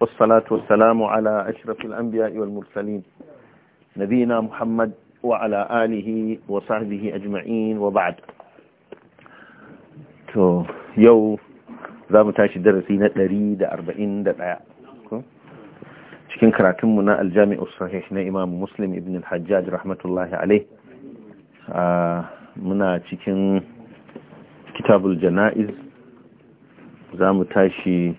والصلاة والسلام على أشرف الأنبياء والمرسلين نبينا محمد وعلى آله وصحبه أجمعين وبعد to yau za mu tashi darasi na ɗari da arba'in da ɗaya cikin karatunmu na aljami'u sahih na imam muslim ibn al-hajjaj rahmatullahi alaih muna cikin kitabul jana'iz za mu tashi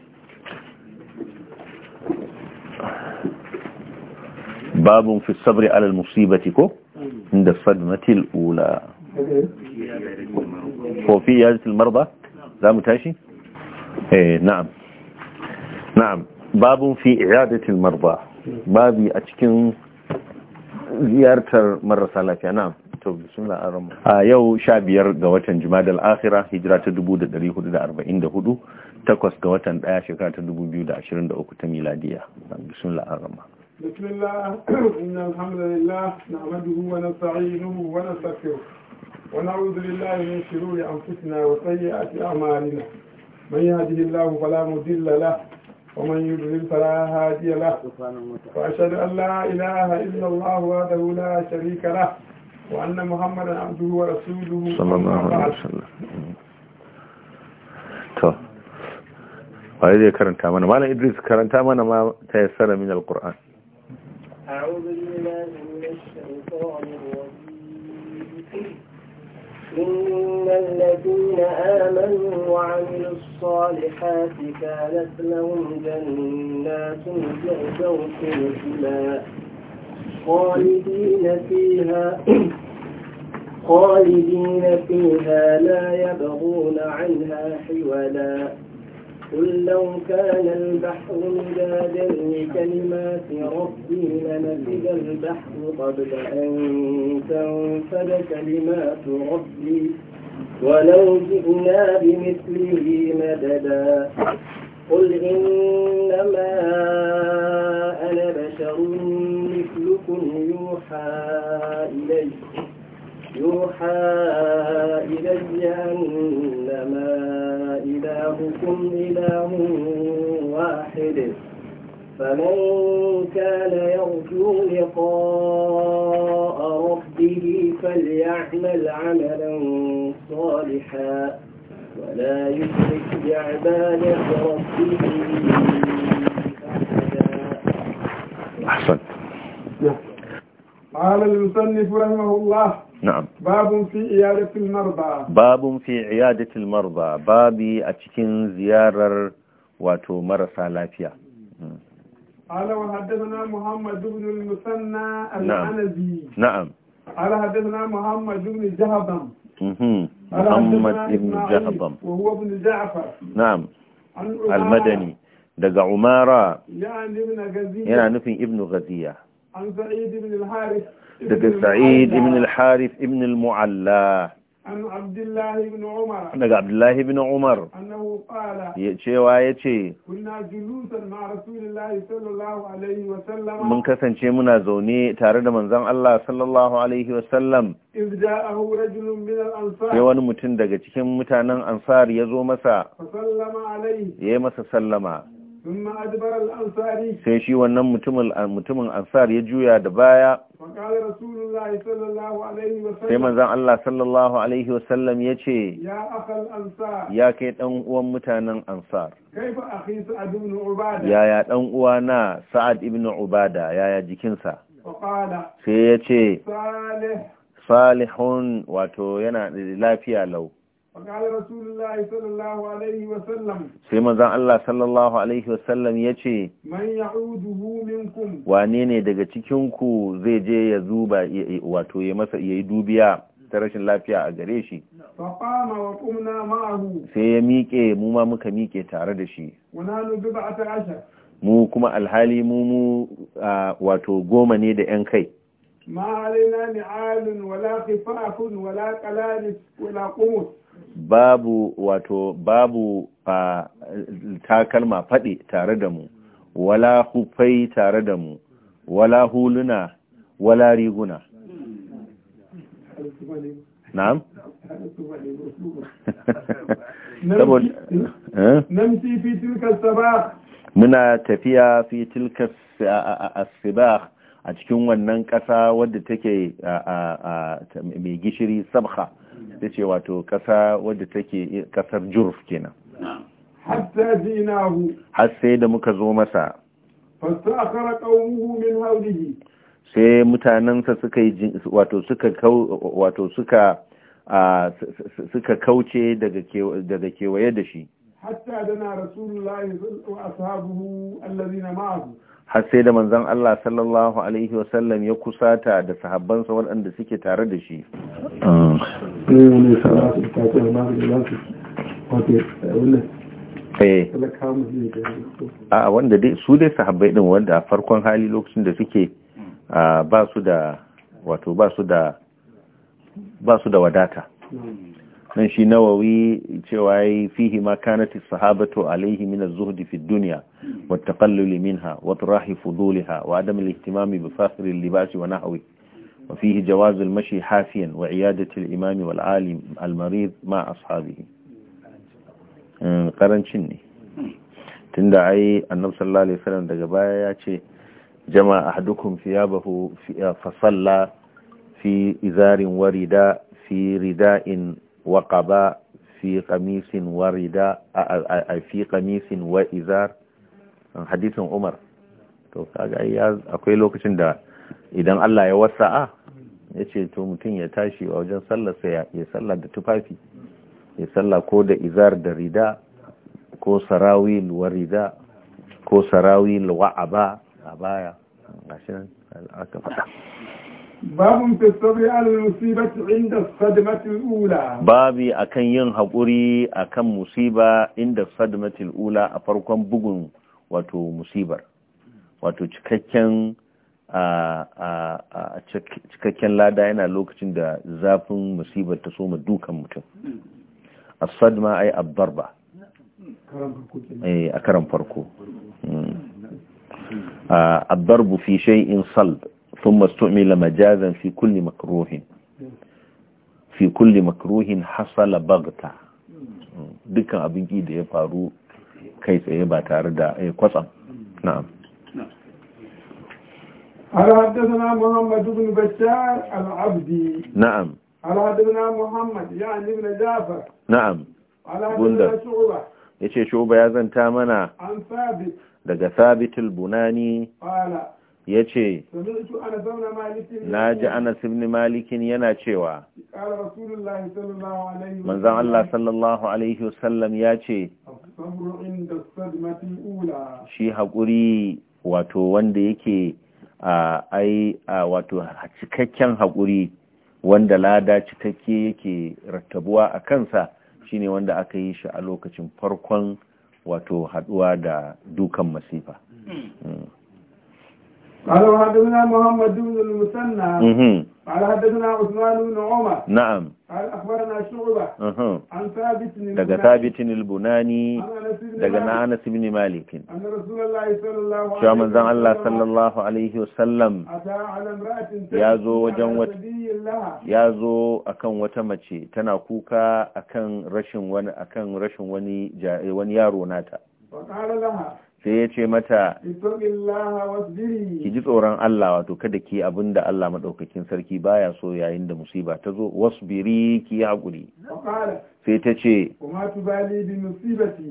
babun fi sabri alal musibati ko hmm. inda sadmatil ula hmm. ko fi yazatil marba za mu tashi eh na'am na'am babun fi i'adatil marba hmm. babi a cikin ziyartar marasa lafiya na'am to bismillah arama a yau 15 ga watan jumadal akhira hijira ta 1444 takwas ga watan daya shekara ta 2023 ta miladiya bismillah arama بسم الله إن الحمد لله نعمده ونستعينه ونستغفره ونعوذ بالله من شرور أنفسنا وسيئات أعمالنا من يهده الله فلا مضل له ومن يضلل فلا هادي له وأشهد أن لا إله إلا الله وحده لا شريك له وأن محمدا عبده ورسوله صلى الله عليه وسلم waye zai karanta mana malam idris karanta mana ma ta yassara min alquran أعوذ بالله من الشيطان الرجيم إن الذين آمنوا وعملوا الصالحات كانت لهم جنات الفردوس نزلا خالدين فيها خالدين فيها لا يبغون عنها حولا قل لو كان البحر مدادا لكلمات ربي لنفد البحر قبل أن تنفد كلمات ربي ولو جئنا بمثله مددا قل إنما أنا بشر مثلكم يوحى إلي يوحى إلي أنما إلهكم إله واحد فمن كان يرجو لقاء ربه فليعمل عملا صالحا ولا يشرك بعبادة ربه أحسن قال المصنف رحمه الله نعم باب في عيادة المرضى باب في عيادة المرضى بابي أتكين زيارة واتو مرسى لافيا قال وحدثنا محمد بن المثنى نعم. نعم, نعم. قال حدثنا محمد بن جهبم محمد بن جهبم وهو بن جعفر نعم المدني دقى عمارة يعني ابن غزية يعني ابن غزية عن سعيد بن الحارث daga sa'id ibn al-harith ibn al-mu'alla daga abdullahi ibn umar Ya cewa ya ce mun kasance muna zaune tare da manzan Allah sallallahu alaihi wasallam ya wani mutum daga cikin mutanen ansar ya zo masa ya yi masa sallama sai shi wannan mutumin ansar ya juya da baya sai manzan Allah sallallahu alaihi wasallam ya ce ya kai ɗan uwan mutanen ansar yaya ɗan uwa na sa'ad ibn ubada yaya jikinsa sai ya ce salihun wato yana lafiya lau Waƙale wasu n'Ilahai salallahu alaihi wasallam! Sai mazan Allah (SAW) ya ce. Mun yaudu mumin Wanene daga cikinku zai je ya zuba ya yi dubiya ta rashin lafiya a gare shi? Ka kwama wa kumna ma'aru. Sai ya miƙe muma muka miƙe tare da shi. Wana nufin ba a tashar? Mu kuma alhali mu wato goma ne da 'yan kai. Ma'aikana ne al'umma wala kama ƙun wala kallon babu wato babu a takalma faɗi tare da mu wala hufai tare da mu wala huluna wala riguna na'am namci fi eh? tilkar sabah muna tafiya fi tilkar a cikin wannan ƙasa wadda take mai gishiri sabha ta ce wato ƙasa wadda take ƙasar jurf kenan har sai da muka zo masa sai mutanensa suka yi wato suka wato suka suka kauce daga kewaye da shi hatta da dana rasulullahi wa ashabuhu allazina ma'ahu har sai da manzon Allah sallallahu alaihi wasallam ya kusata da sahabbansa waɗanda suke tare da shi eh. a wanda dai su dai sahabbai din wanda farkon hali lokacin da suke ba su da wato ba su da ba su da wadata nan shi nawawi cewa yayi fihi ma kanat sahabatu alaihi min az-zuhd fi dunya wa at-taqallul minha wa tirahi fudulha wa adam al-ihtimam bi fasl al-libas wa nahwi wa fihi jawaz al-mashi hafiyan wa iyadatu al-imam wal-alim al-marid ma ashabihi eh, karancin ne tunda ai annabi sallallahu alaihi wasallam daga baya ya ce jama'a ahdukum thiyabahu fa salla fi izarin warida fi rida'in وقباء في قميص ورداء في قميص وإزار حديث عمر to kaga ya akwai lokacin da idan Allah ya wasa'a ya to mutum ya tashi a wajen sallar sa ya sallar da tufafi ya sallar ko da izar da rida ko sarawil wa rida ko sarawil wa aba a baya gashi nan aka faɗa babun fi sabri al-musibati inda sadmatul ula babi akan yin haƙuri akan musiba inda sadmatul ula a farkon bugun wato musibar wato cikakken a cikakken lada yana lokacin da zafin musibar ta soma dukan mutum a sadma ai abbar ba a karan farko abbar bufi shai in salb ثم استعمل مجازا في كل مكروه في كل مكروه dukkan abin da ya faru kai tsaye ba tare da ya eh, kwatsam na'am ala haddathana muhammad ibn bashar al-abdi na'am ala haddathana muhammad ya'ni ibn na'am ala yace shu'ba ya zanta mana daga sabitul bunani ya ce na ji anas ibn malikin yana cewa manzan Allah sallallahu alaihi wasallam ya ce shi haƙuri wato wanda yake a ai a wato cikakken haƙuri wanda lada cikakke yake rattabuwa a kansa shine wanda aka yi shi a lokacin farkon wato haɗuwa da dukan masifa hmm. Hmm. قال وحدثنا محمد بن المثنى قال حدثنا عثمان بن عمر نعم قال اخبرنا شعبه عن ثابت بن ثابت البناني دغنا انس بن مالك ان رسول الله صلى الله عليه وسلم شو الله صلى الله عليه وسلم اتى على امراه يازو وجن وت yazo akan wata mace tana kuka akan rashin wani akan وني wani wani yaro nata sai ya ce mata ki ji tsoron Allah wato kada ki abin da Allah maɗaukakin sarki baya so yayin da musiba ta zo wasbiri ki yi haƙuri sai ta ce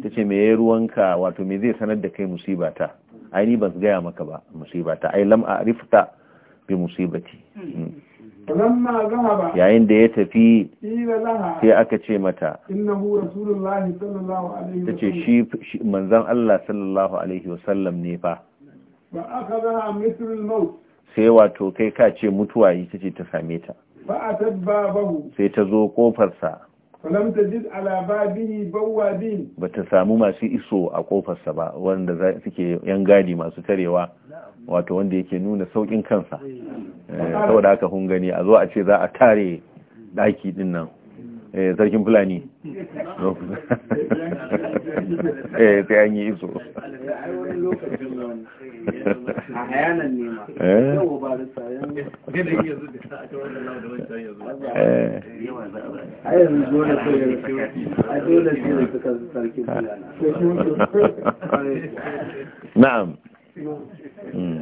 ta ce me ya ruwanka wato me zai sanar da kai ta ai ni ban gaya maka ba musibata ai lam a rifta bi musibati hmm. Hmm. yayin da ya tafi sai aka ce mata ta ce shi manzan Allah sallallahu Alaihi wasallam ne fa sai wato kai ka ce mutuwa yi ta ce ta same ta sai ta zo kofarsa ba ta samu masu iso a kofarsa ba wanda suke yan gadi masu tarewa wato wanda yake nuna saukin kansa eh, saboda haka hun gani a zo a ce za a tare daki din nan eh, sarkin fulani eh sai an yi iso eh. na'am Hmm.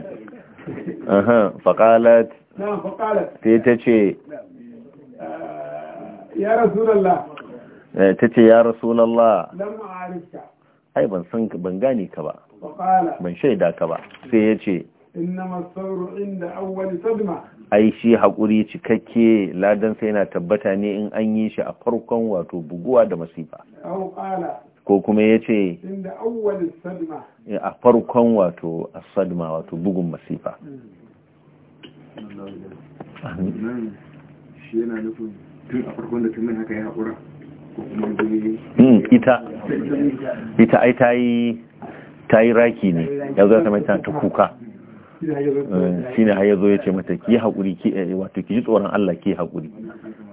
faƙalat sai eh, ta ce ya rasulallah ta ce ya rasulallah ai ban san ban gane ka ba ban shaida ka ba sai ya ce ai shi haƙuri cikakke ladan sai na tabbata ne in an yi shi a farkon wato buguwa da masifa ko kuma ya ce eh, a farkon wato a sadma wato bugun masifa hmm, ita ita ai ta yi raki ne ya zo ta mai ta kuka shi ne eh, ya zo ya ce mata ki haƙuri eh, wato ki ji tsoron Allah ki haƙuri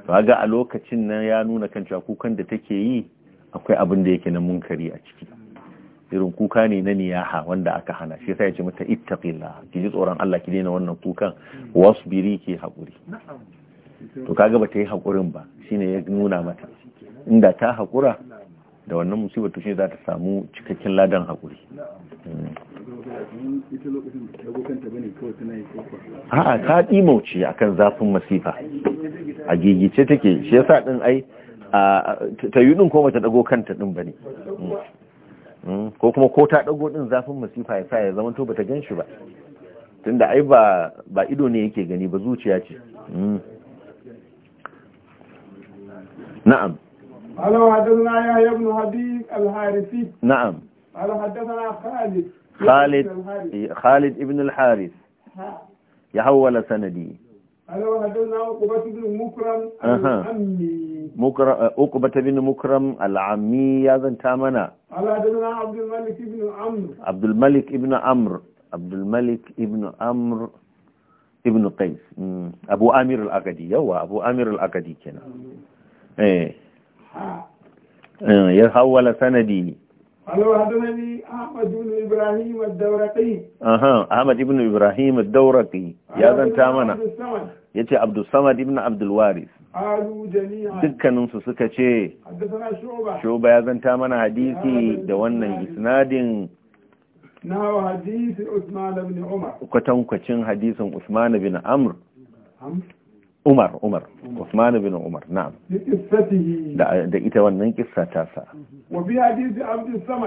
to ga a lokacin nan ya nuna kan cewa kukan da take yi akwai abin da yake na munkari a ciki irin kuka ne na niyaha wanda aka hana shi sai ya ce mata ittaqilla ki ji tsoron Allah ki daina wannan kukan wasbiri ki hakuri to kaga bata yi hakurin ba shine ya nuna mata inda ta hakura da wannan musibar to shine za ta samu cikakken ladan hakuri a'a ta dimauci akan zafin masifa a gigice take shi yasa din ai ta yi ɗin kuma ta ɗago kanta ɗin ba ne mm. Mm. ko kuma ko ta ɗago ɗin zafin masifa ya sa ya zama to bata gan shi ba tunda ai ba ido ne yake gani ba zuciya ce mm. na'am Na'am. وحدثنا يحيى بن حبيب الحارثي نعم قال حدثنا خالد خالد خالد ابن الحارث يحول سندي قال وحدثنا عقبة بن مكرم عن عمي Ukubata eh, bin Mukram al’ammi ya zanta mana. Abdulmalik ibn Amr. Abdulmalik ibn Amr ibn Qais. Hmm. Abu Amir al’agadi, yawa Abu Amir al’agadi kenan. Eh. Eh, ya hawala sanadi. Allah Abdul Samad ibn Abdul dukkaninsu suka ce shuba ya zanta mana hadisi da wannan isnadin kwatankwacin hadisin usman bin amr umar umar usman bin umar na da ita wannan kissa ta sa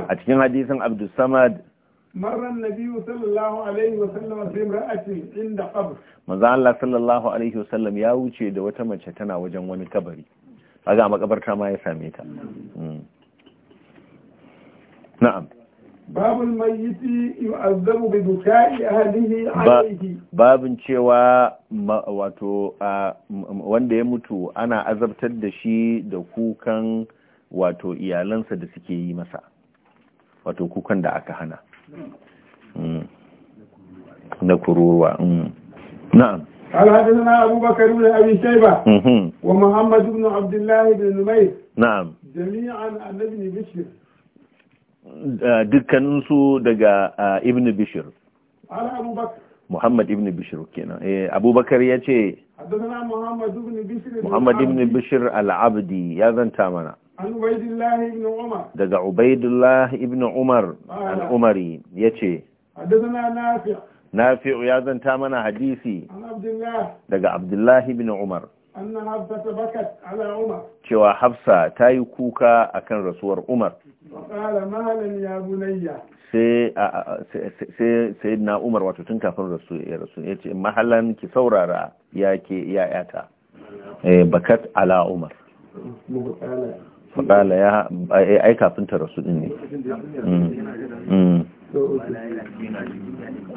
a cikin hadisin abdus samad مر النبي sallallahu alaihi عليه وسلم بامرأة عند قبر manzo Allah sallallahu alaihi wasallam ya wuce da wata mace tana wajen wani kabari kaga makabarta ma ya same ta hmm. na'am babul mayyiti yu'azzabu bi bukai ahlihi alayhi babin cewa wato wanda ya mutu ana azabtar da shi da kukan wato iyalansa da suke yi masa wato kukan da aka hana na kururuwa mm. na'am Abubakar أبو بكر بن أبي شيبة ومحمد بن عبد الله بن نمير نعم جميعا ابن dukkaninsu daga ibn bishir muhammad ibn bishir kenan abubakar ya ce muhammad ibn bishir al-abdi ya zanta mana daga Ubaidullah ibn Umar al’umari ya ce, Na fi’u ya zanta mana hadisi daga Abdullah ibn Umar, cewa Hafsa ta yi kuka a kan rasuwar Umar. Sai sai na Umar wato tun kafin rasu ya ce, Mahalan ki saurara ya ke eh, bakat ala Umar. faƙala ya ai kafin ta rasu din ne mm. Mm.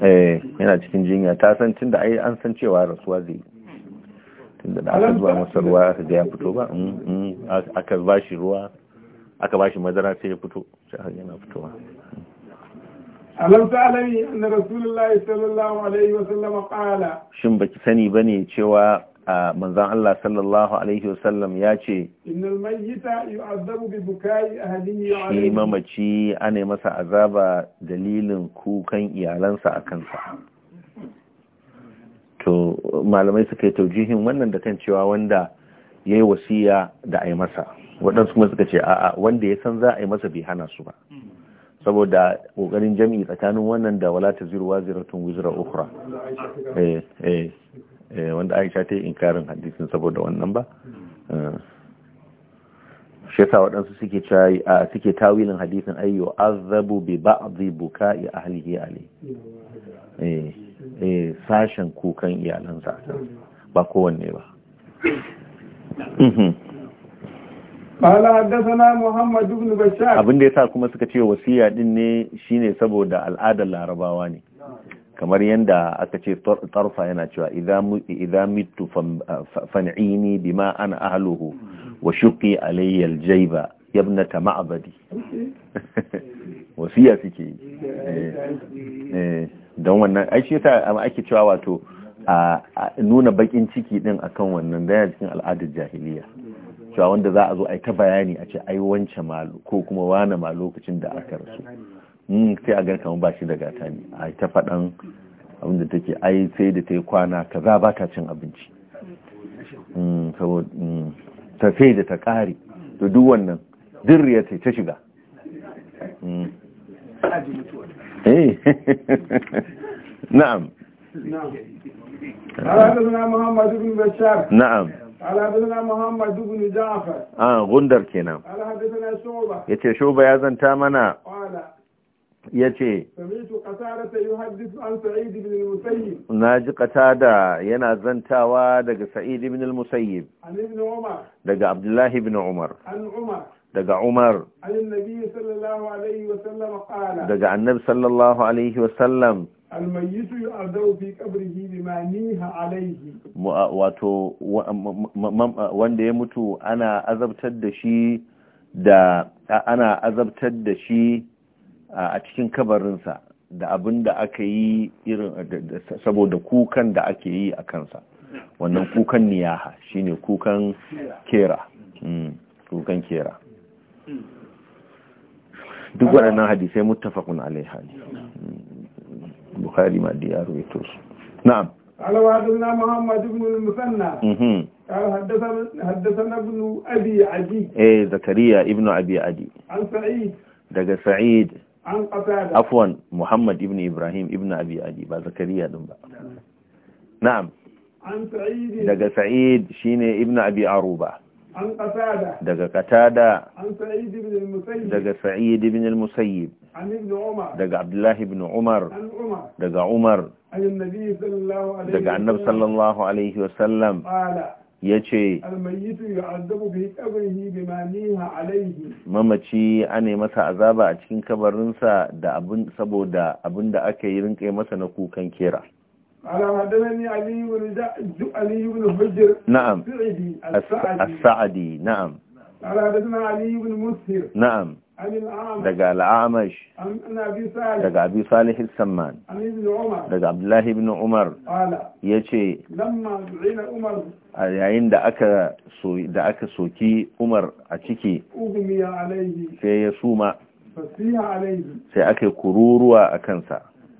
eh yana cikin jinya ta san tunda ai an san cewa rasuwa zai tunda da aka zuwa masarwa aka ga ya fito ba mm, aka ba shi ruwa aka ba shi madara sai ya fito sai yana fitowa alam ta'lami anna rasulullahi sallallahu alaihi wa sallam qala shin baki sani bane cewa manzan Allah sallallahu alaihi wasallam ya ce shi mamaci ana masa azaba dalilin kukan iyalansa a kansa to malamai suka yi taujihin wannan da kan cewa wanda ya yi wasiya da a masa waɗansu kuma suka ce a'a wanda ya san za a yi masa bai hana su ba saboda ƙoƙarin jami'i tsakanin wannan da wala ta ziruwa ziratun wizira ukra eh eh Eh, wanda aisha ta yi inkarin hadisin saboda wannan ba eh, shi yasa waɗansu suke a suke tawilin hadisin ayyo azabu bi ba'dhi buka'i ahlihi ali eh eh sashen kukan iyalansa ba kowanne ba قال حدثنا muhammadu بن بشار abin da yasa kuma suka ce wasiya din ne shine saboda al'adar larabawa ne kamar yadda aka ce tarfa yana cewa idza mitu bi bima ana ahaluhu wa shuqi alayya aljayba yabnata ma'badi wasiya suke yi eh, eh, don wannan aishi ta ake cewa wato a nuna bakin ciki din akan wannan da cikin al'adar jahiliya cewa wanda za a zo a ta bayani a ce ai wance malu ko kuma wane ma lokacin da aka rasu Mm, sai a garka ba shi daga gata ne a ta faɗan abinda ke ai sai da ta yi kwana ka za ba ta cin abinci mm, mm, ta sai da ta ƙari da duk wannan duk ya ta shiga eh. na'am na'am Alhadisuna Muhammad Dubini Jafar. Ah, gundar kenan. Alhadisuna Shoba. Yace Shoba ya zanta mana. ya ce na ji katada yana zantawa daga sa'id ibn al-musayyib daga abdullahi ibn umar daga umar daga annab sallallahu alaihi wasallam fi bima niha alaihi wato wanda ya mutu ana azabtar da shi da ana azabtar da shi a cikin kabarinsa da abin da aka yi irin saboda kukan da ake yi a kansa wannan kukan niyaha shine kukan kera mm, kukan kera duk waɗannan hadisai muttafaqun alaiha mm, bukhari ma yaro ya tosu na'am alwadunna muhammad ibn al-musanna حدثنا mhm. ابن abi adi eh Zakariya ibn abi Adi. An Sa'id. Daga Sa'id. Afuwan muhammad ibn ibrahim ibn abi adi ba zakariya din ba na'am daga sa'id shine ibn abi aruba daga Katada daga sa'id ibn al-musayyib daga abdullah ibn umar daga umar daga annabi sallallahu alaihi wasallam ya ce mamaci ana masa azaba a cikin kabarinsa da abin saboda abin da aka yi rinƙe masa na kukan kera na'am A saadi na'am na'am daga al'amash daga abi salih samman daga abdullahi ibn umar ya ce a yayin da aka da aka soki umar a ciki sai ya suma sai aka yi kururuwa a kansa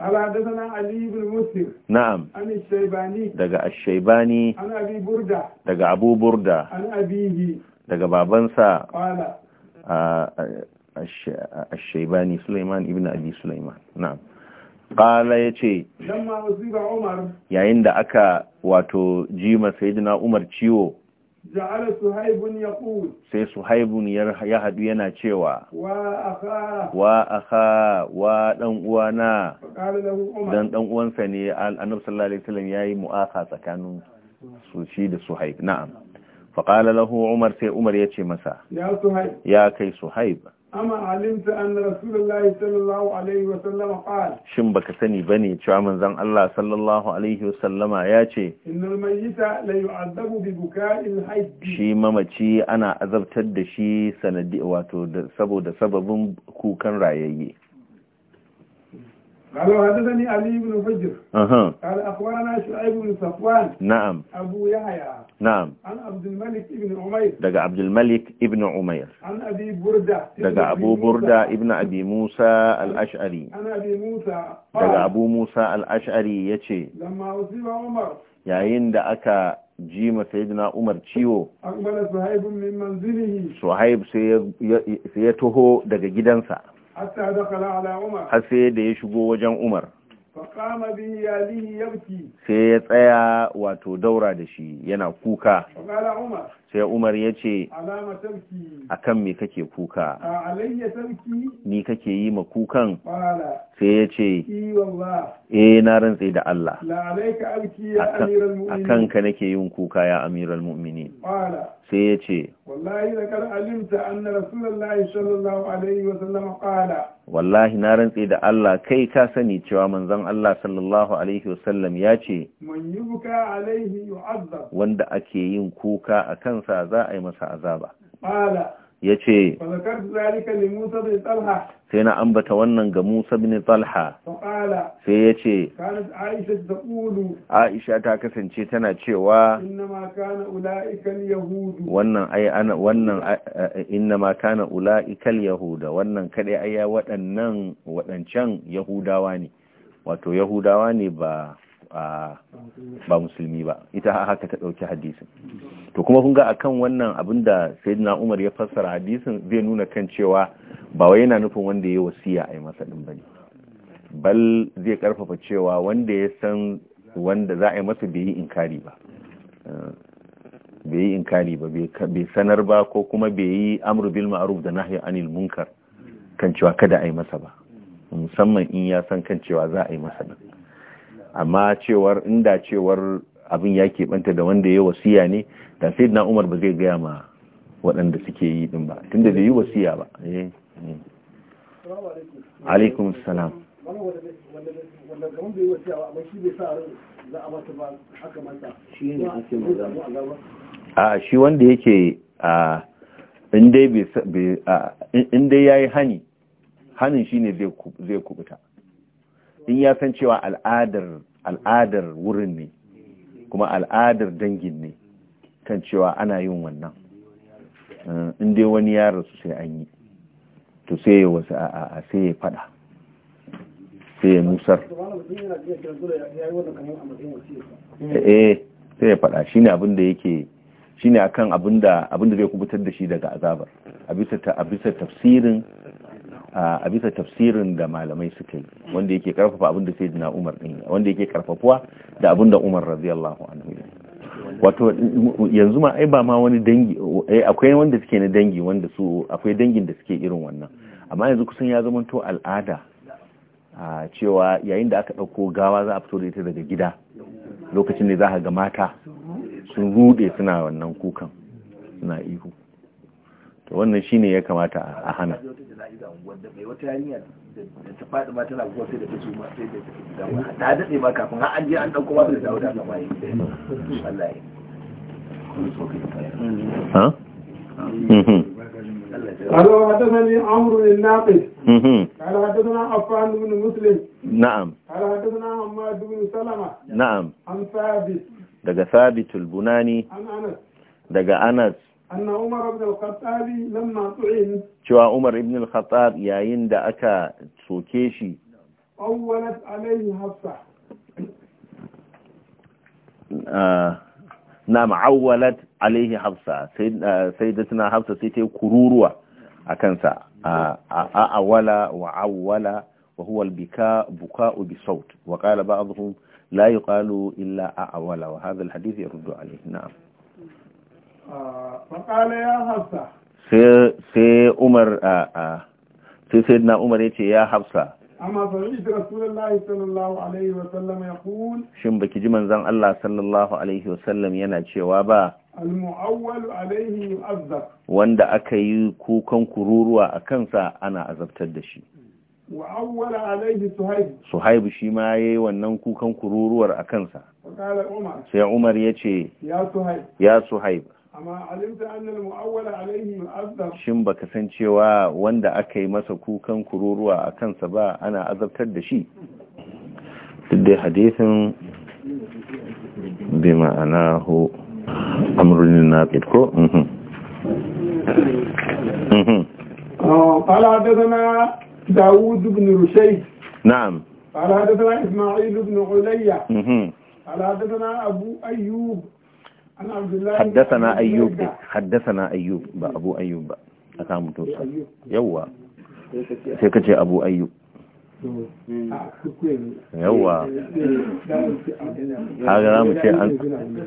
قال حدثنا علي بن مسلم نعم عن الشيباني دقى الشيباني عن أبي بردة دقى أبو بردة عن أبيه دقى بابنسا قال الشيباني سليمان ابن أبي سليمان نعم قال يتي لما ya عمر يا عند aka واتو جيما سيدنا عمر تشيو sai suhaibun ya hadu yana cewa wa akha wa akha dan uwana dan ne annabi sallallahu alaihi wasallam yayi mu'asa tsakanin su shi da suhaib na'am fa umar sai umar ce masa ya suhaib ya kai suhaib أما علمت أن رسول sallallahu alaihi wa sallama. وسلم قال شن sani سني بني cewa manzon Allah sallallahu alaihi wasallama ya ce innal mayyita la yu'adhabu bi buka'il hayy shi mamaci ana azabtar da shi sanadi wato saboda sababin kukan rayayye قال وحدثني علي بن فجر أها قال أخبرنا شعيب بن صفوان نعم أبو يحيى نعم عن عبد الملك ابن عمير دقى عبد الملك ابن عمير عن أبي بردة دقى أبو بردة ابن أبي موسى الأشعري عن أبي موسى دقى أبو موسى الأشعري يتشي لما أصيب عمر yayin da aka ji ma sayyidina Umar ciwo Suhaib sai ya taho daga gidansa har sai da ya shigo wajen umar sai ya tsaya wato daura da shi yana kuka sai umar ya ce a kan me kake kuka ni kake yi ma kukan sai ya ce e, na rantse da Allah a kanka nake yin kuka ya amiral mu'mini sai ya ce wallahi na rantse da Allah kai ka sani cewa manzon Allah sallallahu alaihi wasallam ya ce wanda ake yin kuka akan kansa za a yi masa azaba ya ce sai na ambata wannan ga musa bin talha sai ya ce aisha ta kasance tana cewa wannan ai kana ula'ikal yahuda wannan kaɗai aya waɗannan waɗancan yahudawa ne wato yahudawa ne ba ba musulmi ba ita haka ta ɗauki hadisin to kuma kun ga akan wannan abin da sayyidina umar ya fassara hadisin zai nuna kan cewa ba wai yana nufin wanda ya wasiya a yi masa din ba bal zai karfafa cewa wanda ya san wanda za a yi masa bai yi inkari ba bai yi inkari ba bai sanar ba ko kuma bai yi amru bil ma'ruf da nahyi anil munkar kan cewa kada a yi masa ba musamman in ya san kan cewa za a yi masa din amma cewar inda cewar abin ya keɓanta da wanda ya wasiya ne da sai na umar ba zai gaya ma waɗanda suke yi ɗin ba tunda bai yi wasiya ba eh, eh. alaikum salam a shi wanda yake a in dai ya yi hani hanin shi ne zai kubuta in ya san cewa al'adar al'adar wurin ne kuma al'adar dangin ne kan cewa ana yin wannan eh, in dai wani ya rasu sai an yi to sai ya wasu a'a sai ya fada sai ya musar eh sai ya fada ne abin da yake shine akan abin da abin da zai kubutar da shi daga azabar a bisa tafsirin a bisa tafsirin da malamai suka yi wanda yake karfafa abin da sayyidina Umar din wanda yake karfafuwa da abin da Umar radiyallahu anhu wato yanzu ma ai ba ma wani dangi eh, akwai wanda suke na dangi wanda su akwai dangin da suke irin wannan amma yanzu kusan ya zama to al'ada a cewa yayin da aka ɗauko gawa za a fito da ita daga gida lokacin da za a ga mata sun rude suna wannan kukan suna ihu wannan shine ya kamata a hana Allah ya kuma soke ta fara. Mhm. Allah ya. Allah ya. Allah ya. Allah ya. Allah ya. Allah ya. Allah umar ibn cewa umar ibn al-khattab yayin da aka soke shi na ma'awwalat alaihi hafsa sai da tana hafsa sai ta yi kururuwa a kansa a awala wa awwala wa huwa albika buka'u saut wa qala ba'dhum la yuqalu illa a awala wa hadha ya yaruddu alayhi na'am faƙala ya hafsa sai umar a sai sai na umar ya ce ya hafsa amma sami da rasulullahi sallallahu alaihi wasallam ya kun shin baki ji manzan Allah sallallahu alaihi wasallam yana cewa ba al-mu'awwalu alaihi yu'azzab wanda aka yi kukan kururuwa a kansa ana azabtar da shi Wa وأول عليه Suhaibu سهيب شي ما يي wannan kukan kururuwar a kansa sai Umar yace ya Suhaib ya Suhaib shin baka san cewa wanda aka yi masa kukan kururuwa a kansa ba ana azabtar da shi duk dai hadisin bi ma'ana hu amrun naqid ko قال حدثنا داوود بن رشيد نعم قال حدثنا إسماعيل بن عليا قال حدثنا أيوب دي. حدثنا أيوب با أبو أيوب با أكام توسع يوا سيكتي أبو أيوب yawa haka za mu ce an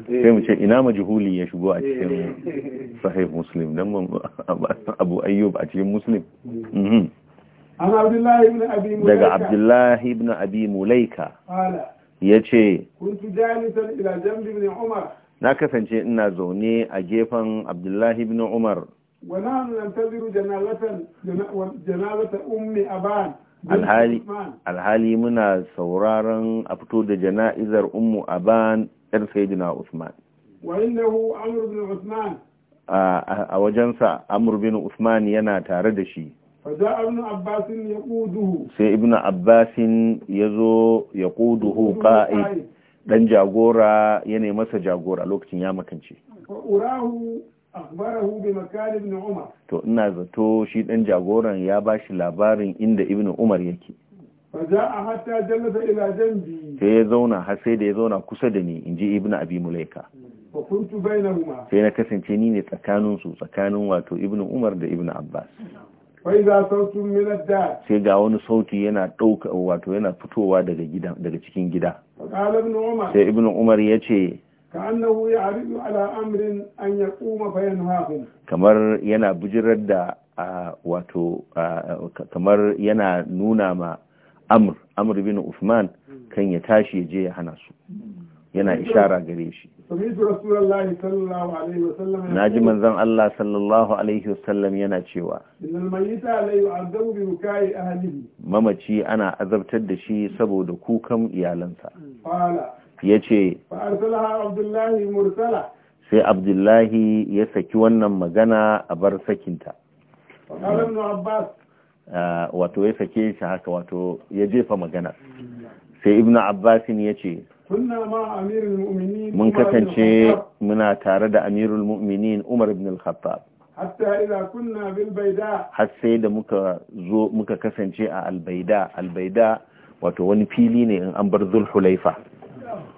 sai mu ce ina majhuli ya shigo a cikin sahih muslim dan abu a cikin muslim daga abdullahi ibn abi mulaika yace kuntu na kasance ina zaune a gefen abdullahi ibn umar alhali alhali muna sauraron a fito da jana'izar ummu aban yar sayyidina usman wa innahu amr bin usman a wajensa amr bin usman yana tare da shi sai ابن abbasin ya zo ya عباس يزو dan jagora ya ne masa jagora lokacin ya makance to ina zato shi dan jagoran ya bashi labarin inda ibn umar yake ila sai ya zauna har sai da ya zauna kusa da ni in ji ibn abi mulaika sai na kasance ni ne tsakaninsu tsakanin wato ibn umar da ibn abbas sai ga wani sauti yana ɗauka wato yana fitowa daga gida daga cikin gida sai ibn umar ya ce kamar yana bujirar da wato kamar yana nuna ma amr amr bin usman hmm. kan ya tashi ya je ya hana su yana ishara gare shi na ji manzan Allah sallallahu alaihi wasallam yana cewa mamaci ana azabtar da shi saboda kukan iyalansa ya ce sai abdullahi ya saki wannan magana a bar sakinta uh, wato ya sake shi haka wato ya jefa magana sai ibn abbasin ya ce mun kasance muna tare da amirul mu'minin umar ibn al-khattab har sai da muka zo muka kasance a albaida albaida wato wani fili ne in an bar zulhulaifa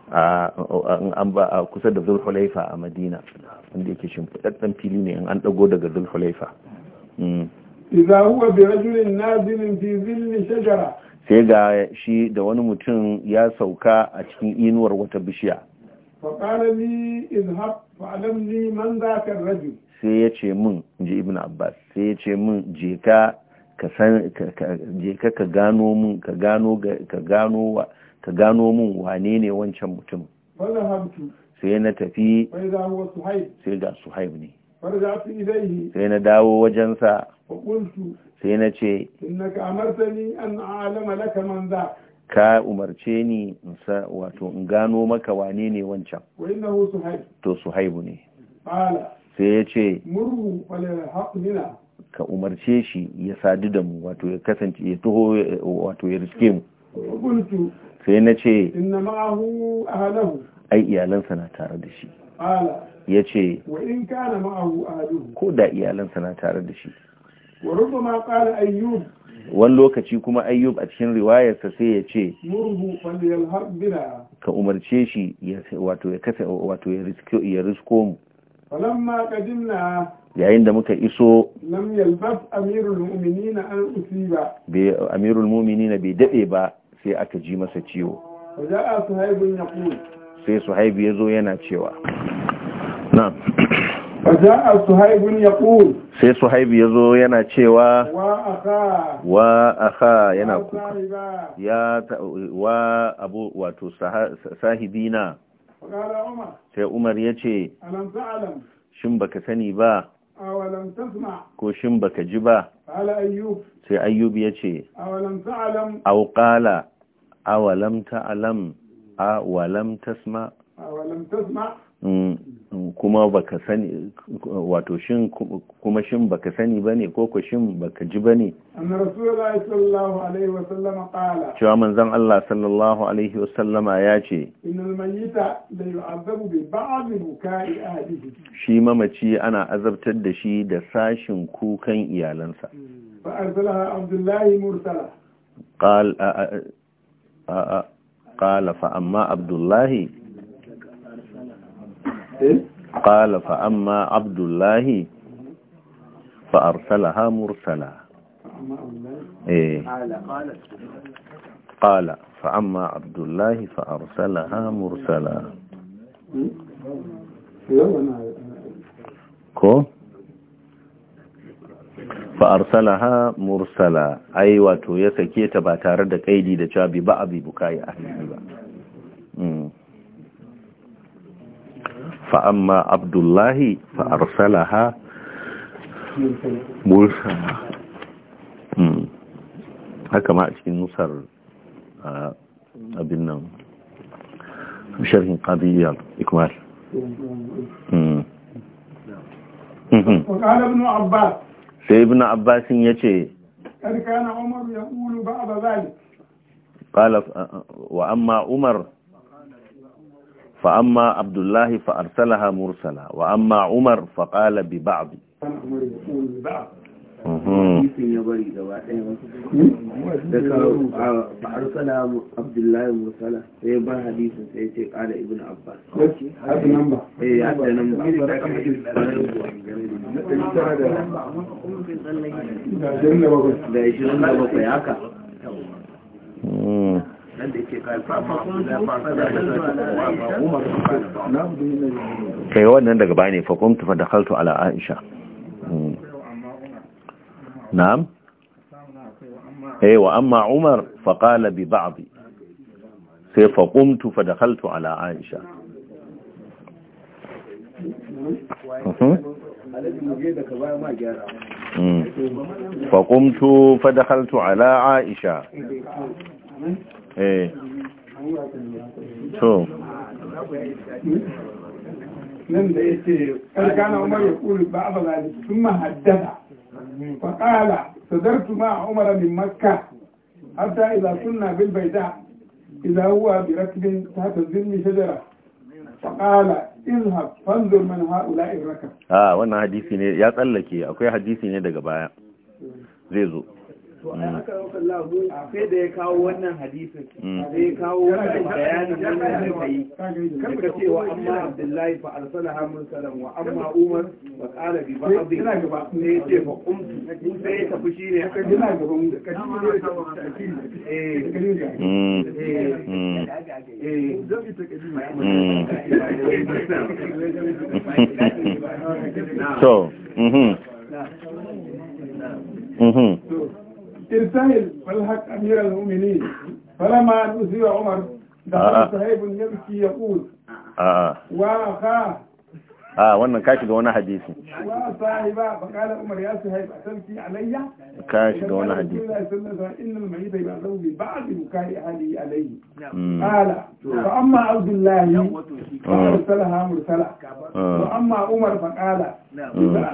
Hulaifa, kusa da zulhulaifa a madina wanda yake shimfiɗaɗɗen fili ne in an ɗago daga zulhulaifa Hulaifa. هو برجل نازل في ظل sai ga shi da wani mutum ya sauka a cikin inuwar wata bishiya sai ya ce min ji ibn abbas sai ya ce min je ka ka gano min ka gano ka gano ka gano min wane ne wancan mutum sai na tafi sai ga suhaib ne sai na dawo wajensa sai na ce ka umarce ni in sa wato in gano maka wane ne wancan to suhaibu ne sai ya ce ka umarce shi ya sadu da mu wato ya kasance ya taho wato ya riske mu sai na ce ai iyalansa na tare da shi ya ce ko da iyalansa na tare da shi وربما قال أيوب wani lokaci kuma ayyub a cikin riwayarsa sai yace. Murhu, ya ce ka umarce shi wato ya kasa wato ya risko ya risko mu yayin da muka iso lam yalbas amirul mu'minina an usiba be amirul mu'minina bai dade ba sai aka ji masa ciwo sai suhaibu yazo yana cewa na'am فجاء صهيب يقول sai suhaibu ya zo yana cewa wa akha yana kuka ya wa abu wato sahibina sai umar ya ce shin baka sani ba ko shin baka ji ba sai ayyub ya ce auƙala awalam ta'alam awalam tasma mm. kuma baka sani wato shin kuma shin baka sani bane ko ko shin baka ji bane anna rasulullahi sallallahu alaihi wa sallama qala cewa manzan Allah sallallahu alaihi wa sallama ya ce innal mayyita la yu'adhabu bi ba'd buka'i ahlihi shi mamaci ana azabtar da shi da sashin kukan iyalansa Ba fa arsalaha abdullahi mursala qal qala fa amma abdullahi eh قال فأما عبد الله فأرسلها مرسلا إيه قال فأما عبد الله فأرسلها مرسلا كو فأرسلها مرسلا أي واتو يسكيت باتارد قيدي دجابي بأبي بكاي أهلي بأ فأما عبد الله فأرسلها مرسلها هكا ما أتي آه، النصر أبنى بشرح قضية إكمال وقال ابن عباس سي ابن عباس يتي كان عمر يقول بعد ذلك قال آه، آه، وأما عمر فأما عبد الله فأرسلها مرسلة وأما عمر فقال ببعض فأرسلها عبد الله مرسلة سيبا حديث سيتي قال ابن عباس هذا نمبر ايه هذا نمبر ده 27 haka kai wannan daga baya fa kuntu fa da ala aisha na'am eh wa amma umar fa qala bi ba'd sai fa kuntu fa kaltu ala aisha فقمت فدخلت على عائشة eh to nan da ya ce ƙarƙana umar ya ƙuri ba a bazali sun mahaddada faƙala sadartu ma umar min makka hatta idza kunna bil baida idza huwa bi rakbin tahta zilli shajara faƙala izhab fanzur man haula'i rakab ah wannan hadisi ne ya tsallake akwai hadisi ne daga baya zai zo to ai da ya kawo wannan hadisin mm. A ya kawo wannan bayanin wannan da kai kaga cewa amma abdullahi fa arsalaha mursalan wa amma umar wa qala bi ba'd sai ne ce fa umtu sai ya tafi shine aka jira gaban da kashi eh mm. eh mm. eh zan yi to mhm mhm ارتهل فالحق أمير المؤمنين فلما أن أسير عمر دعا صهيب يبكي يقول وأخاه a wannan ka shiga wani hadisi ka shiga wani hadisi قال فأما عبد الله فأرسلها مرسلة وأما عمر فقال إذا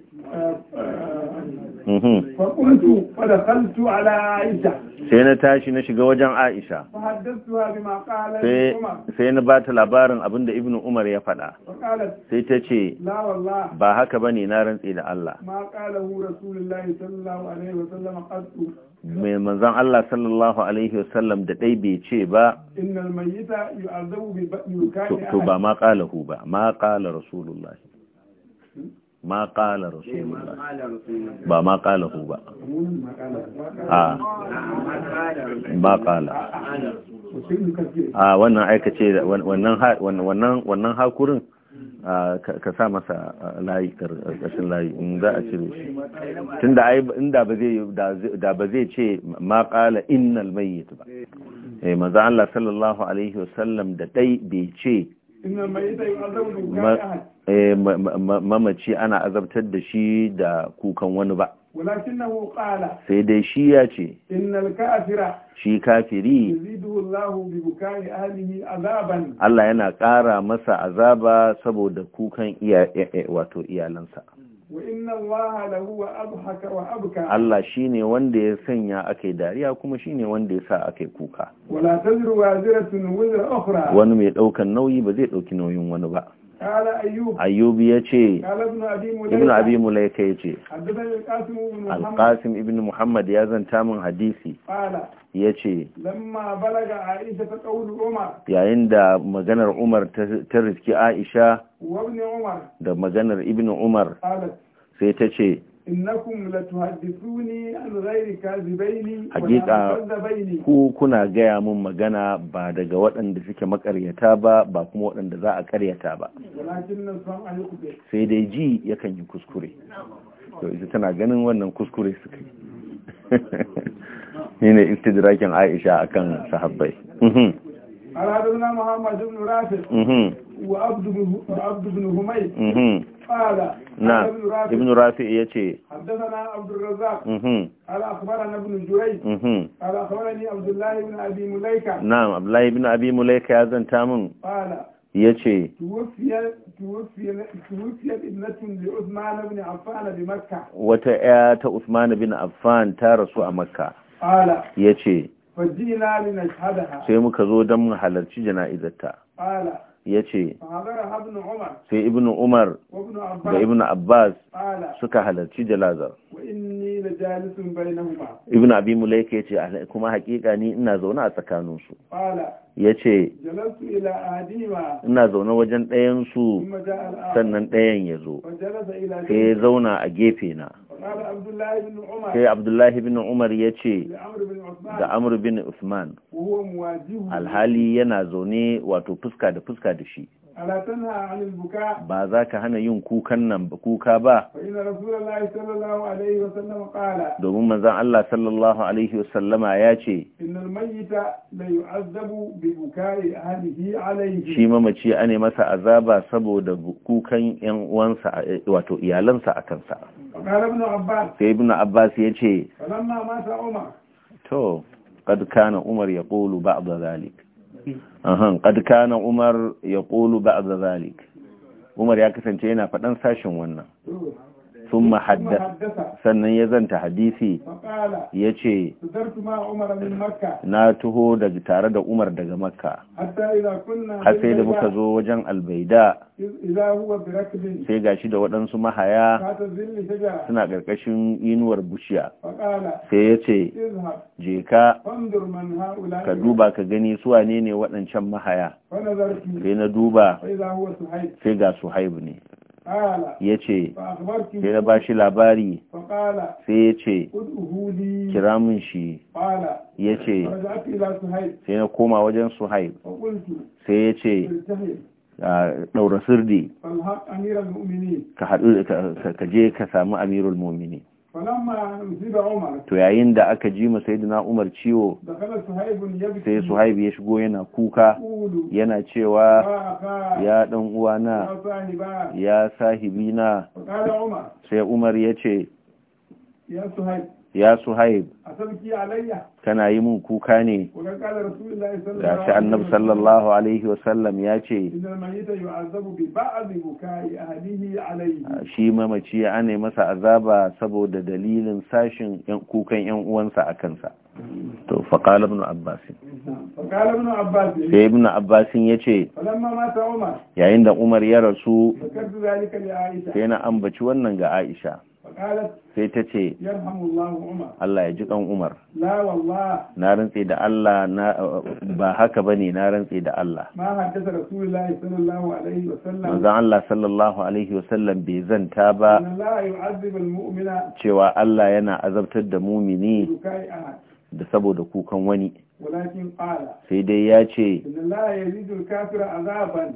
Mhm. sai na tashi na shiga wajen Aisha sai na ba ta labarin abin da Ibn Umar ya faɗa sai ta ce ba haka ba ne na rantse da Allah mai manzan Allah sallallahu Alaihi wasallam da ɗai bai ce ba to ba ma ƙalahu ba ma ƙala Rasulullahi ma ƙala eh, rasulullah ba ma ƙala hu ba ah. ah. a ba ƙala a ah, wannan aikace wannan hakurin ka sa masa layi ƙarƙashin layi in za a cire shi tun da inda ba zai ce ma ƙala innal mayyit ba eh manzo Allah sallallahu alaihi wasallam da dai bai ce Eh, mamaci ana azabtar da shi da kukan wani ba sai dai shi ya ce shi kafiri Allah yana ƙara masa azaba saboda kukan eh, eh, iyalansa Allah shi ne wanda ya sanya ake dariya kuma shi ne wanda ya sa aka yi kuka. Wani mai ɗaukan nauyi ba zai ɗauki nauyin wani ba. ayyub ya ce ibn abi mulaika ya ce alƙasim ibn muhammad ya zanta min hadisi ya ce yayin da maganar umar ta riski aisha da maganar ibn umar sai ta ce innakum latuhaddithuni an ghairi kadhibaini hakika ku kuna gaya mun magana ba daga waɗanda suke makaryata ba ba kuma waɗanda za a karyata ba sai dai ji yakan yi kuskure to ita tana ganin wannan kuskure suka yi ne istidrakin Aisha akan sahabbai Al-Hadithuna Muhammad ibn Rafi wa Abd ibn Humayr na ibn rafi ya ce haddana abdurrazzaq ala akhbarana ibn jurayj ala akhbarani abi mulaika abi mulaika ya zanta min ya ce wata ya ta usman bin affan ta rasu a makka ya ce sai muka zo don mu halarci jana'izarta ya ce sai ibn umar da ibn abbas suka halarci jalazar ibn abi mulaika ya ce kuma hakika ni ina zaune a tsakaninsu ya ce ina zaune wajen ɗayansu sannan ɗayan ya zo sai ya zauna a gefe na sai abdullahi bin umar ya ce da amur bin usman alhali yana zaune wato fuska da fuska da shi ba za ka hana yin kukan nan kuka ba domin manzan Allah sallallahu alaihi wasallama ya ce shi mamaci a ne masa azaba saboda kukan 'yan uwansa wato iyalansa a kansa sai ibn abbas ya ce to kad kana umar ya kulu ba a zalik kad kana umar ya kulu ba a zalik umar ya kasance yana faɗan sashen wannan sun حدث sannan ya zanta hadisi ya ce na tuho tare da umar daga makka har sai da muka zo wajen albaida sai gashi da waɗansu mahaya suna ƙarƙashin inuwar bushiya sai ya ce je ka ka duba ka gani su ne ne waɗancan mahaya sai na duba sai ga suhaibu ne ya ce ya ba shi labari sai ya ce kira min shi ya ce sai na koma wajen suhaib sai ya ce ɗaura sirdi ka je ka samu amirul mumini to yayin da aka ji ma na Umar ciwo sai Suhaib ya shigo yana kuka yana cewa ya dan uwana ya na sai Umar ya ce ya suhaib kana yi mun kuka ne da shi annabi sallallahu alaihi wasallam ya ce shi mamaci ya ne masa azaba saboda dalilin sashin kukan yan uwansa a kansa to faƙala ibn abbasin. sai ibn abbasin ya ce yayin da umar ya rasu sai na ambaci wannan ga aisha sai ta ce Allah ya ji ɗan Umar na rantse da Allah ba haka ba ne na rantse da Allah manzan Allah sallallahu alaihi wasallam bai zanta ba cewa Allah yana azabtar da mumini da saboda kukan wani sai dai ya ce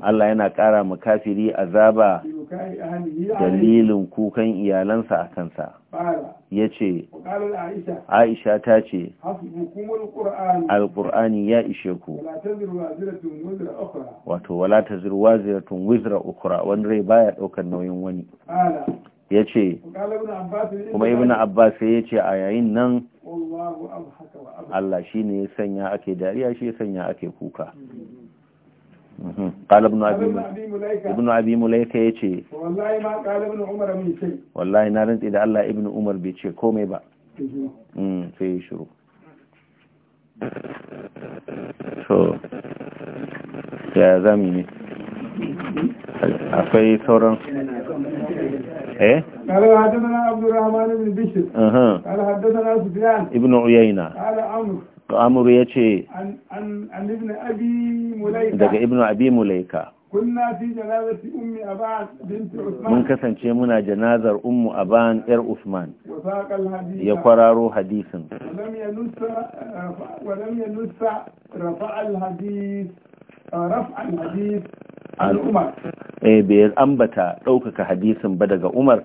Allah yana ƙara ma kafiri azaba dalilin kukan iyalansa a kansa ya ce aisha ta ce alƙur'ani ya ishe ku wato wala ta zirwa ziratun wizra ukura wani rai baya ɗaukar nauyin wani ya ce kuma ibn abbas ya ce a yayin nan Allah shi ne ya sanya ake dariya shi ya sanya ake kuka قال ابن ابي ابن ابي wallahi ibn wallahi na rantsi da Allah ibn umar bai ce komai ba mhm, sai ya shiru so ya zami ne akwai sauran eh قال حدثنا عبد الرحمن بن بشر اها قال حدثنا سفيان ابن عيينة قال عمرو عمرو يجي عن عن عن ابن ابي مليكه daga ibn abi mulaika kunna fi janazati ummi aban bint usman mun kasance muna janazar ummu aban yar usman ya kwararo hadisin lam yanusa rafa lam yanusa rafa al hadith e an umar eh bai ambata ɗaukaka hadisin ba daga umar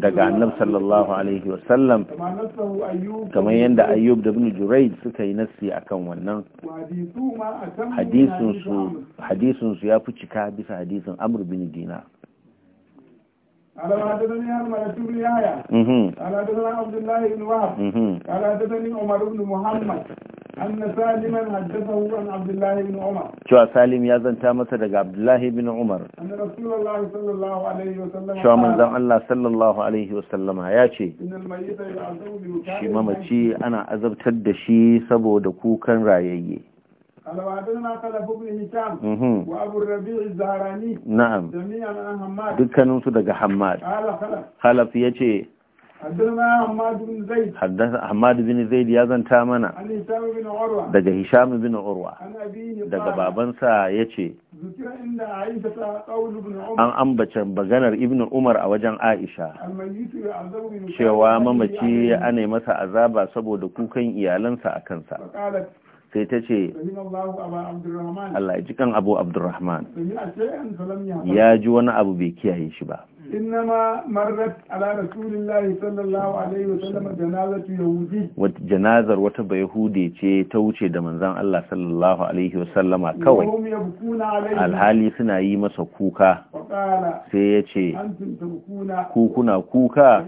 daga annab sallallahu alaihi wasallam kamar yadda ayyub da bini jurayd suka yi nassi akan wannan hadisinsu ya fi cika bisa hadisin amur bin dinar قال حدثني أحمد بن يحيى قال حدثنا عبد الله بن وهب قال حدثني عمر بن محمد أن سالما حدثه عن عبد الله بن عمر شو سالم يزن تامسة دقى عبد الله بن عمر أن رسول الله صلى الله عليه وسلم شو من زم الله صلى الله عليه وسلم يا شي إن الميت يعذب بمكان شي ماما شي أنا أزبت الدشي سبو دكوكا رايي alwadin na hisham wa rabi na'am jami'an hamad dukkanin su daga hamad ya ce bin zaid ya zanta mana daga hisham bin urwa daga babansa ya ce an ambace maganar ibnu umar a wajen aisha cewa mamaci ya ane masa azaba saboda kukan iyalansa a kansa sai ta ce Allah ya ji kan abu abdurrahman ya ji wani abu bai kiyaye shi ba innama marrat ala sallallahu alaihi janazatu yahudi wata janazar wata bayahude ce ta wuce da manzon Allah sallallahu alaihi kawai alhali suna yi masa kuka sai ya ce ku kuna kuka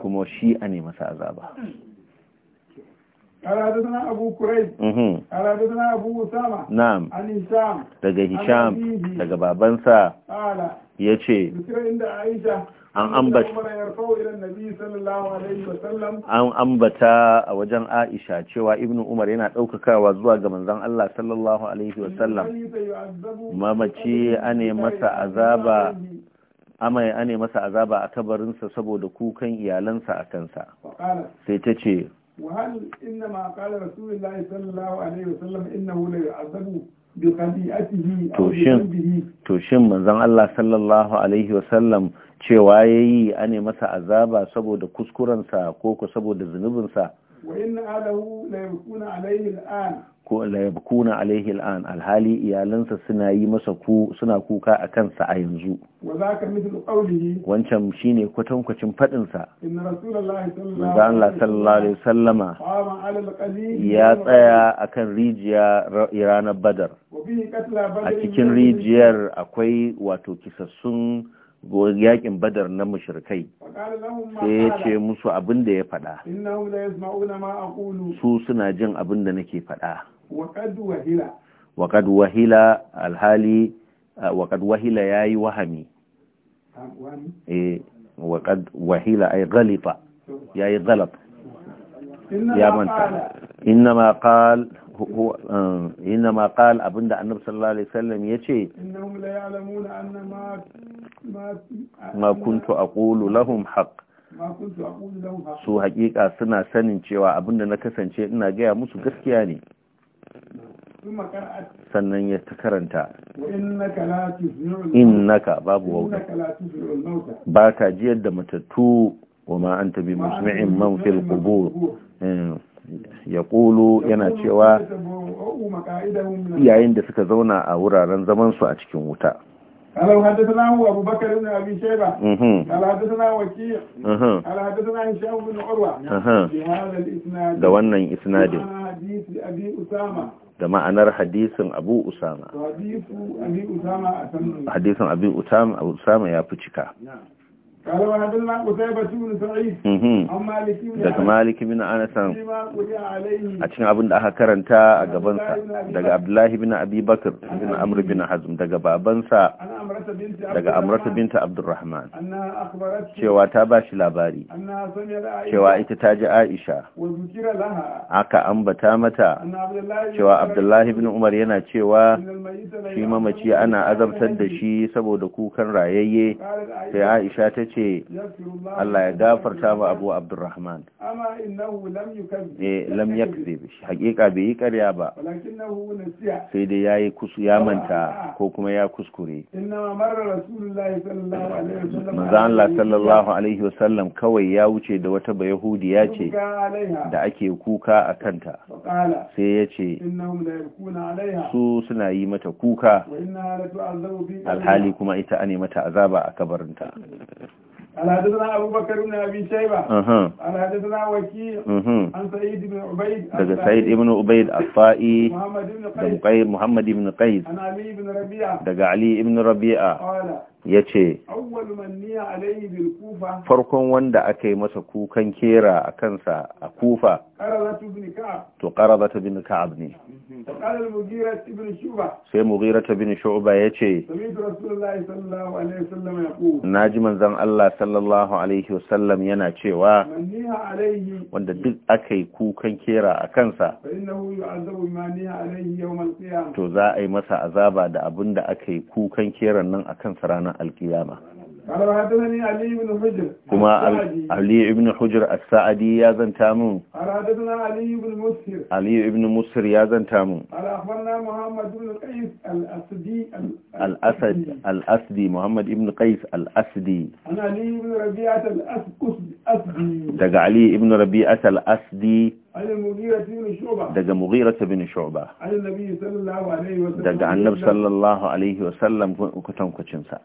kuma shi ne masa azaba hmm. قال daga Hisham daga babansa yace an ambata an ambata a wajen Aisha cewa ibnu Umar yana daukakawa zuwa ga manzon Allah sallallahu alaihi wasallam mamaci ane masa azaba amai ane masa azaba a kabarinsa saboda kukan iyalansa a kansa sai ta ce وهل إنما قال رسول الله صلى الله عليه وسلم إنه لا يعذب بخطيئته أو بذنبه من ذن الله صلى الله عليه وسلم cewa yayi ane masa azaba saboda kuskurensa ko ko saboda zunubinsa yakuna alayhi al'an ko la yabkuna alaihi al'an alhali iyalansa suna yi masa ku suna kuka a kansa a yanzu wancan shine kwatankwacin fadin sa inna sallallahu alaihi wasallama ya tsaya a kan rijiya ranar badar a cikin rijiyar akwai wato kisassun yakin badar na mushrikai sai ya ce musu abin da ya faɗa su suna jin abin da nake faɗa waƙad wahila alhali waƙad wahila ya yi wahami waƙad eh, wahila ai galifa ya yi galab ya manta innama qal innama abinda annabi sallallahu alaihi wasallam yace innahum la ya'lamuna ma kuntu aqulu lahum haqq su hakika suna sanin cewa abinda na kasance ina gaya musu gaskiya ne sannan ya ta karanta innaka babu wauta ba ka jiyar da matattu وما أنت بمسمع من في القبور يقول yana cewa yayin da suka zauna a wuraren zaman a cikin wuta قال حدثنا هو ابو بكر بن ابي شيبه قال حدثنا قال حدثنا هشام بن عروه بهذا الاسناد wannan isnadin da ma'anar hadisin abu usama hadisin abi usama ya fi cika daga Malik bin Anas a cikin abin da aka karanta a gabansa daga Abdullahi bin Abi Bakr bin Amr bin Hazm daga babansa daga Amrata binta Abdurrahman cewa ta ba shi labari cewa ita ta ji Aisha aka ambata mata cewa Abdullahi bin Umar yana cewa shi mamaci ana azabtar da shi saboda kukan rayayye sai Aisha ta ce ce Allah ya gafarta ba Abu Abdurrahman amma lam yukzib eh lam yakzib hakika bai yi karya ba sai dai yi kusu ya manta ko kuma ya kuskure manzo Allah sallallahu alaihi wasallam kawai ya wuce da wata bayahudiya ce da ake kuka a kanta sai ya ce su suna yi mata kuka alhali kuma ita ane mata azaba a kabarinta قال حدثنا أبو بكر بن أبي شيبة قال حدثنا وكيع عن سعيد بن عبيد دقى سعيد بن عبيد الطائي محمد بن قيس محمد بن قيس عن علي بن ربيعة دقى علي بن ربيعة قال ya ce farkon wanda aka yi masa kukan kera a kansa a kufa to ta bin ka'ab ne sai ta bin shu'ba ya ce na ji manzan Allah sallallahu alaihi wasallam yana cewa wanda duk aka yi kukan kera a kansa to za a yi masa azaba da abin da aka yi kukan kera nan a kansa ranar القيامة كما علي بن حجر السعدي يا زنتامو علي بن مسر علي بن مسر يا زنتامو محمد بن قيس الأسدي الأسد الأسدي محمد بن قيس الأسدي علي بن ربيعة الأسدي علي بن ربيعة الأسدي daga mughirata bin shu'ba daga annab sallallahu alaihi wasallam kutankucinsa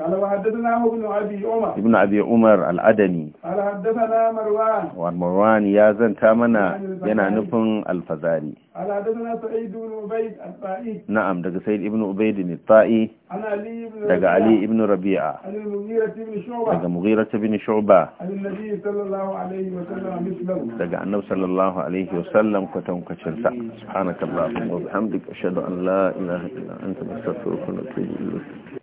قال وحدثنا ابن ابي عمر ابن ابي عمر الادني قال حدثنا مروان ومروان يا زنتا منا yana nufin alfazari قال حدثنا سعيد بن عبيد الطائي نعم daga سعيد ابن عبيد الطائي انا علي بن daga علي بن ربيعه عن المغيرة بن شعبة daga مغيرة بن شعبة عن النبي صلى الله عليه وسلم مثله daga النبي صلى الله عليه وسلم كتنكشن سبحانك اللهم وبحمدك اشهد ان لا اله الا انت نستغفرك ونتوب اليك